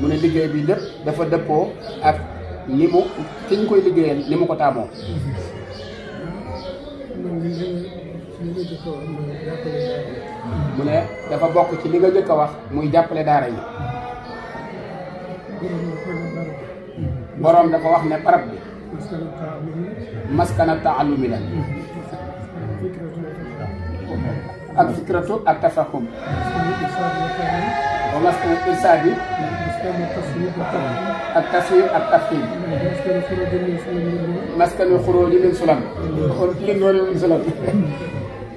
mu ne liggéey bi lépp dafa dëppoo ak ni mu fi ñu koy liggéeyal ni mu ko taamoo. mu ne dafa bokk ci li nga njëkk wax muy jàppale daara yi. boroom dafa wax ne barab bi. maskana taalumi la. ak fikratu ak tafahum wa maskanu irsaadi ak taswir min sulam kon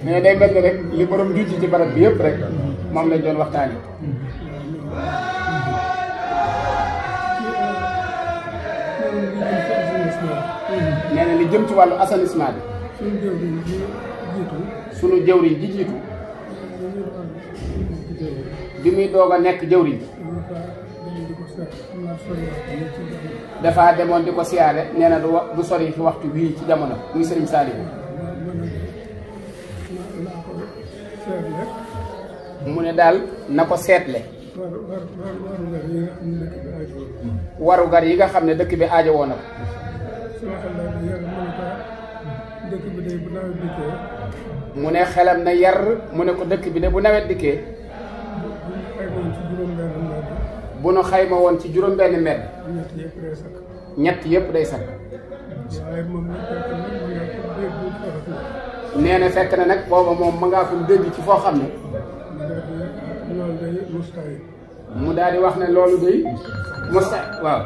mais day mel rek li borom juuti ci barab bi yëpp rek moom lay doon waxtaane nee na li jëm ci wàllu assainissement bi sunu jëwriñ ji jiitu. bi muy doog a nekk jëwriñ. dafa demoon di ko siyaare nee na du sori fi waxtu wii ci jamono muy sëriñ Saliou. mu ne daal na ko seetle. warugar yi nga xam ne dëkk bi aajo woon na ko. mu ne xelam na yar mu ne ko dëkk bi de bu nawet dikkee. bu nu xayma woon ci juróom-benn mbedd. ñett yëpp day sakk. nee na fekk na nag booba moom ma ngaa ko dégg ci foo xam ne. mu daal wax ne loolu day musta waaw.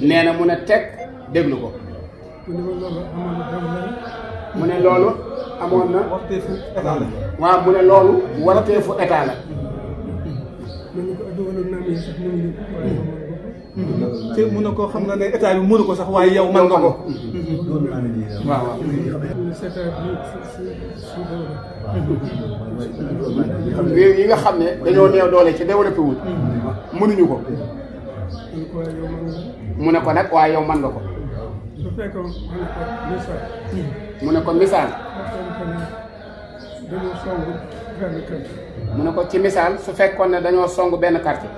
nee na mu a teg déglu ko. mu ne loolu amoon na. warteefu état la. waaw mu ne loolu warteefu état la. te mun na koo xam na ne état bi mënu ko sax waaye yow man nga ko. waaw waaw. réew yi nga xam ne dañoo néew doole ci développé wul. Mm. mënuñu ko. mu ne ko nag waaye yow man nga ko. su fekkoon mu ne ko misaal. ci misaal su fekkoon ne dañoo song benn quartier.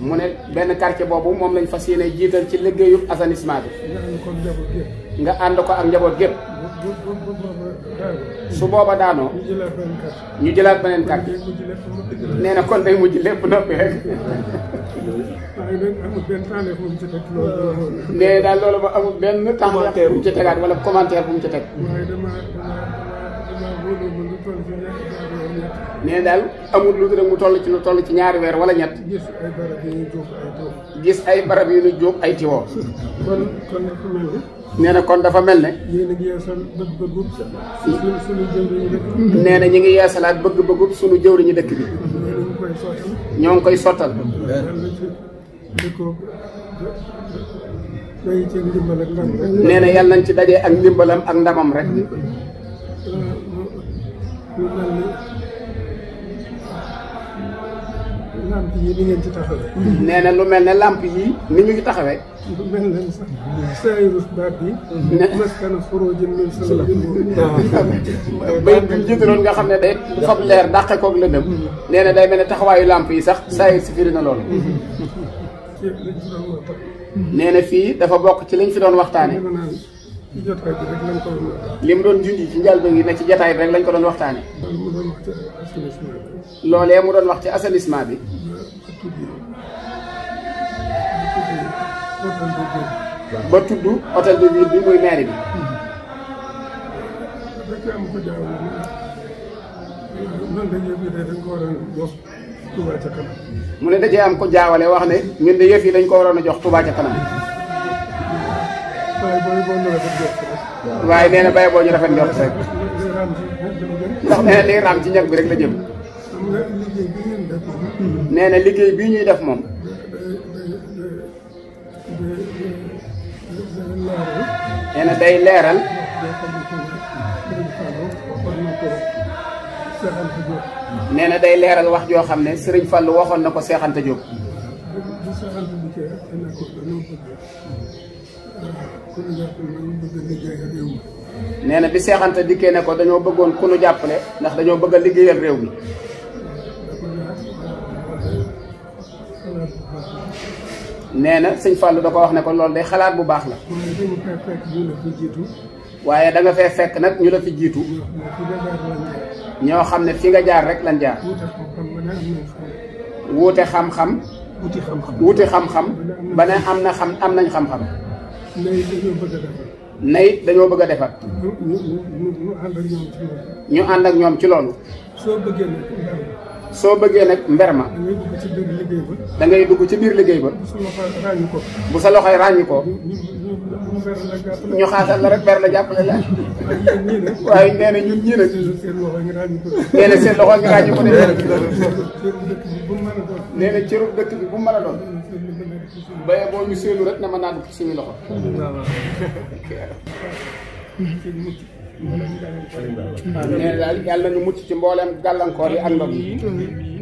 mu ne benn quartier boobu moom lañ fas yéene jiital ci liggéeyub assainissement bi. nga ànd ko am njaboot gépp. su booba daanoo. ñu jëlaat beneen carte. nee na kon day mujj lépp noppi rek. nee daal loolu ba amul benn temps bu mu ci tegaat wala commentaire bu mu ci teg. nee daal amul lu rek mu toll ci lu toll ci ñaari weer wala ñett. gis ay barab yu ñu jóg ay tiwoo. nee na kon dafa mel ne. nee na ñu ngi yeesal bëgg-bëggub. sunu jëwriñu dëkk dëkk bi. ñoo ngi koy sottal. nee na yàlla nañ ci dajee ak ndimbalam ak ndamam rek. làmp yi ci nee na lu mel ne làmp yi ni ñu ngi taxawee. lu mel ne ah. nga xam ne day fab leer dàqe koog lëndëm. nee day mel ne taxawaayu làmp yi sax saayir si firi na loolu. na fii dafa bokk ci liñ fi doon waxtaanee. ci jotaay ko li mu doon junj ci njàlbéen gi ne ci jataay bi rek lañ ko doon waxtaanee. loolee mu doon wax ci assainissement bi. ba tudd hôtel de ville bi muy maire bi. mu ne dajee am ko jaawale wax ne ñun de yëf yi dañ ko waroon a jox Touba ca kanam. waaye nee na bay boo ñu rafet njort rek ndax nee na raam ci ñag bi rek la jëm nee liggéey bi ñuy def moom nee day leeral nee na day leeral wax joo xam ne sëriñ Fallou waxoon na ko seexante Jóob nee na bi seexante dikkee ne ko dañoo bëggoon ku jàppale ndax dañoo bëgg a liggéeyal réew mi. nee na sëñ Fallou da ko wax ne ko loolu day xalaat bu baax la. waaye danga nga fee fekk nag ñu la fi jiitu. ñoo xam ne fi nga jaar rek lañ jaar. wuute xam-xam. wuute xam-xam. ba ne am na xam am nañ xam-xam. nayit dañoo bëgg a defar. bëgg a defar. ñu ànd ak ñoom ci loolu. soo bëggee nag mber ma. soo bëggee nag mber ma. da ngay dugg ci biir liggéey ba. da ngay ci biir liggéey ba. bu sa loxo ràññi ko. bu sa loxo ñu xaasal la rek ber la jàppale la. waaye nee na ñun ñii nee na seen loxo ngi ràññi ko de. na cërub dëkk bi bu mu mën a doon. nee doon. baye boo ñu séenu rek na ma naan suñu loxo. nee na daal na ñu mucc ci mbooleem gàllankoor yi ak ndox mi.